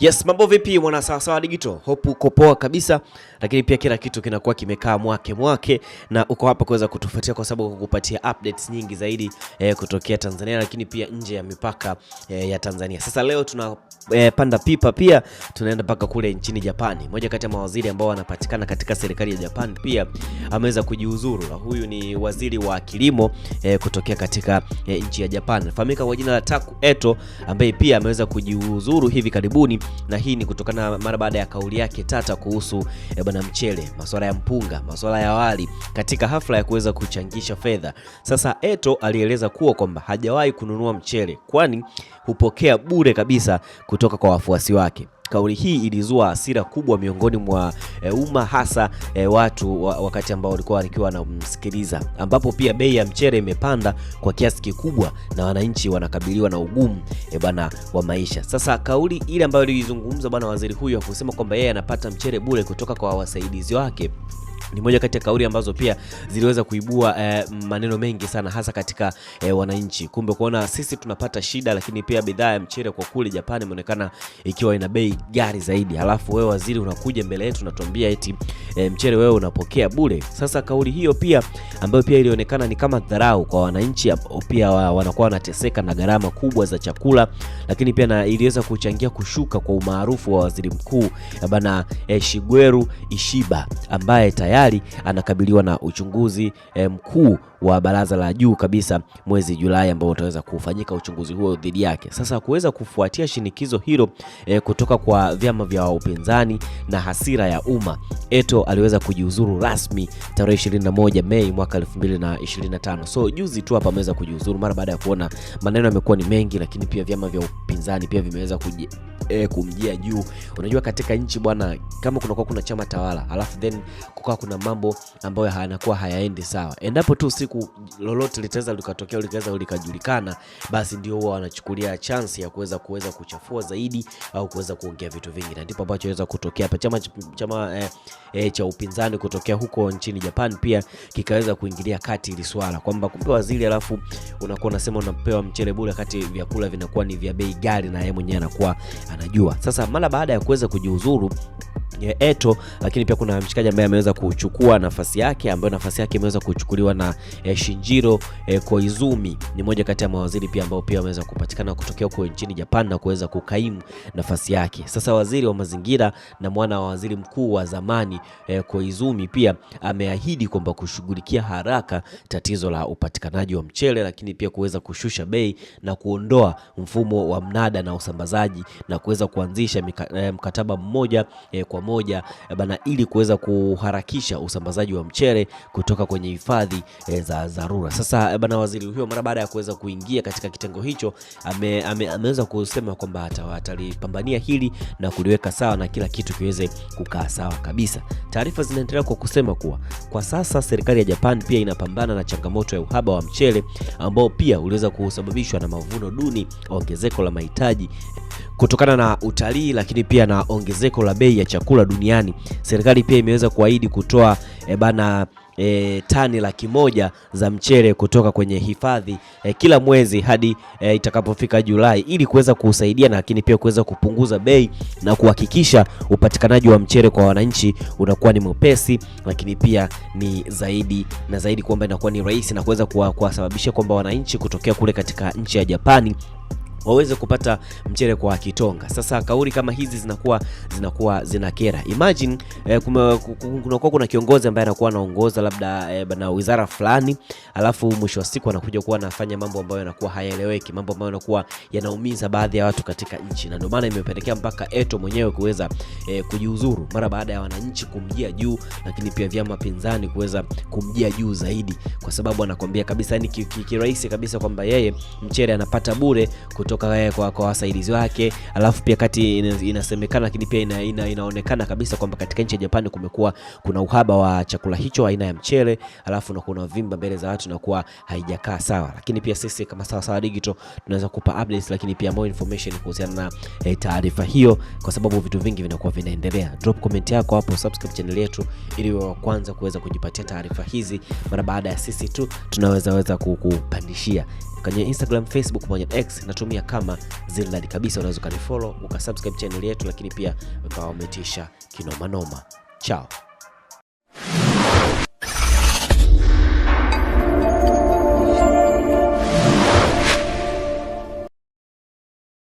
Yes, mambo vipi mwana sawa sawa digital? Hope uko poa kabisa, lakini pia kila kitu kinakuwa kimekaa mwake mwake, na uko hapa kuweza kutufuatia kwa sababu kukupatia updates nyingi zaidi eh, kutokea Tanzania, lakini pia nje ya mipaka eh, ya Tanzania. Sasa leo tuna eh, pipa pia tunaenda mpaka kule nchini Japani. Moja kati ya mawaziri ambao wanapatikana katika serikali ya Japan pia ameweza kujiuzuru, na huyu ni waziri wa kilimo eh, kutokea katika eh, nchi ya Japan, fahamika kwa jina la Taku Eto, ambaye pia ameweza kujiuzuru hivi karibuni na hii ni kutokana mara baada ya kauli yake tata kuhusu eh, bwana mchele, masuala ya mpunga, masuala ya wali katika hafla ya kuweza kuchangisha fedha. Sasa eto alieleza kuwa kwamba hajawahi kununua mchele, kwani hupokea bure kabisa kutoka kwa wafuasi wake. Kauli hii ilizua hasira kubwa miongoni mwa e, umma hasa e, watu wa, wakati ambao walikuwa wakiwa wanamsikiliza, ambapo pia bei ya mchere imepanda kwa kiasi kikubwa na wananchi wanakabiliwa na ugumu e, bana wa maisha. Sasa kauli ile ambayo ilizungumza bwana waziri huyo akusema kwamba yeye anapata mchere bure kutoka kwa wasaidizi wake ni moja kati ya kauli ambazo pia ziliweza kuibua eh, maneno mengi sana hasa katika eh, wananchi. Kumbe kuona sisi tunapata shida, lakini pia bidhaa ya mchele kwa kule Japan imeonekana ikiwa ina bei gari zaidi, halafu wewe waziri unakuja mbele yetu unatuambia eti eh, mchele wewe unapokea bure. Sasa kauli hiyo pia ambayo pia ilionekana ni kama dharau kwa wananchi, pia wanakuwa wanateseka na gharama kubwa za chakula, lakini pia na iliweza kuchangia kushuka kwa umaarufu wa waziri mkuu eh, bana eh, Shigweru Ishiba ambaye tayari anakabiliwa na uchunguzi eh, mkuu wa baraza la juu kabisa mwezi Julai, ambao utaweza kufanyika uchunguzi huo dhidi yake. Sasa kuweza kufuatia shinikizo hilo e, kutoka kwa vyama vya upinzani na hasira ya umma, Eto aliweza kujiuzuru rasmi tarehe 21 Mei mwaka 2025. So juzi tu hapa ameweza kujiuzuru mara baada ya kuona maneno yamekuwa ni mengi, lakini pia vyama vya upinzani pia vimeweza kuji E, kumjia juu. Unajua, katika nchi bwana, kama kunakuwa kuna chama tawala alafu then kukawa kuna mambo ambayo yanakuwa hayaendi sawa, endapo tu si siku lolote litaweza likatokea likaweza likajulikana, basi ndio huwa wanachukulia chance ya kuweza kuweza kuchafua zaidi au kuweza kuongea vitu vingi, na ndipo ambacho inaweza kutokea hapa. Chama, chama eh, eh, cha upinzani kutokea huko nchini Japan pia kikaweza kuingilia kati ili swala kwamba kumbe waziri, alafu unakuwa unasema unapewa mchele bure, kati vyakula vinakuwa ni vya bei ghali, na yeye mwenyewe anakuwa anajua. Sasa mara baada ya kuweza kujiuzuru Eto, lakini pia kuna mshikaji ambaye ameweza kuchukua nafasi yake ambayo nafasi yake imeweza kuchukuliwa na eh, Shinjiro eh, Koizumi. Ni mmoja kati ya mawaziri pia ambao pia wameweza kupatikana kutokea huko nchini Japan na kuweza kukaimu nafasi yake. Sasa waziri wa mazingira na mwana wa waziri mkuu wa zamani eh, Koizumi pia ameahidi kwamba kushughulikia haraka tatizo la upatikanaji wa mchele, lakini pia kuweza kushusha bei na kuondoa mfumo wa mnada na usambazaji na kuweza kuanzisha mika, eh, mkataba mmoja eh, kwa moja eh, bana, ili kuweza kuharakisha usambazaji wa mchele kutoka kwenye hifadhi e, za dharura. Sasa eh, bana, waziri huyo mara baada ya kuweza kuingia katika kitengo hicho ame, ame, ameweza kusema kwamba atalipambania hili na kuliweka sawa na kila kitu kiweze kukaa sawa kabisa. Taarifa zinaendelea kwa kusema kuwa kwa sasa serikali ya Japan pia inapambana na changamoto ya uhaba wa mchele ambao pia uliweza kusababishwa na mavuno duni, ongezeko la mahitaji kutokana na utalii, lakini pia na ongezeko la bei ya chakula chakula duniani. Serikali pia imeweza kuahidi kutoa e, bana E, tani laki moja za mchele kutoka kwenye hifadhi e, kila mwezi hadi e, itakapofika Julai ili kuweza kusaidia na lakini pia kuweza kupunguza bei na kuhakikisha upatikanaji wa mchele kwa wananchi unakuwa ni mwepesi, lakini pia ni zaidi na zaidi kwamba inakuwa ni rahisi na kuweza kuwasababisha kwamba wananchi kutokea kule katika nchi ya Japani waweze kupata mchele kwa kitonga. Sasa kauli kama hizi zinakuwa zinakuwa zinakera. Imagine eh, kunakuwa kuna kiongozi ambaye anakuwa anaongoza labda eh, na wizara fulani, alafu mwisho wa siku anakuja kuwa anafanya mambo ambayo yanakuwa hayaeleweki, mambo ambayo yanakuwa yanaumiza baadhi ya watu katika nchi, na ndio maana imepelekea mpaka Eto mwenyewe kuweza eh, kujiuzuru mara baada ya wananchi kumjia juu, lakini pia vyama pinzani kuweza kumjia juu zaidi, kwa sababu anakwambia kabisa, yani kirahisi kabisa kwamba yeye mchele anapata bure kuto kutoka kwa, kwa, kwa wasaidizi wake, alafu pia kati inasemekana lakini pia ina, ina, inaonekana kabisa kwamba katika nchi ya Japani kumekuwa kuna uhaba wa chakula hicho aina ya mchele, alafu na kuna vimba mbele za watu na kuwa haijakaa sawa, lakini pia sisi kama sawa sawa digital tunaweza kupa updates, lakini pia more information kuhusiana na eh, taarifa hiyo, kwa sababu vitu vingi vinakuwa vinaendelea. Drop comment yako hapo, subscribe channel yetu ili wa kwanza kuweza kujipatia taarifa hizi mara baada ya sisi tu tunawezaweza kukupandishia kwenye Instagram, Facebook pamoja na X natumia kama Zinedine kabisa. Unaweza ukanifollow ukasubscribe channel yetu, lakini pia ukawa umetisha kinoma noma. Chao.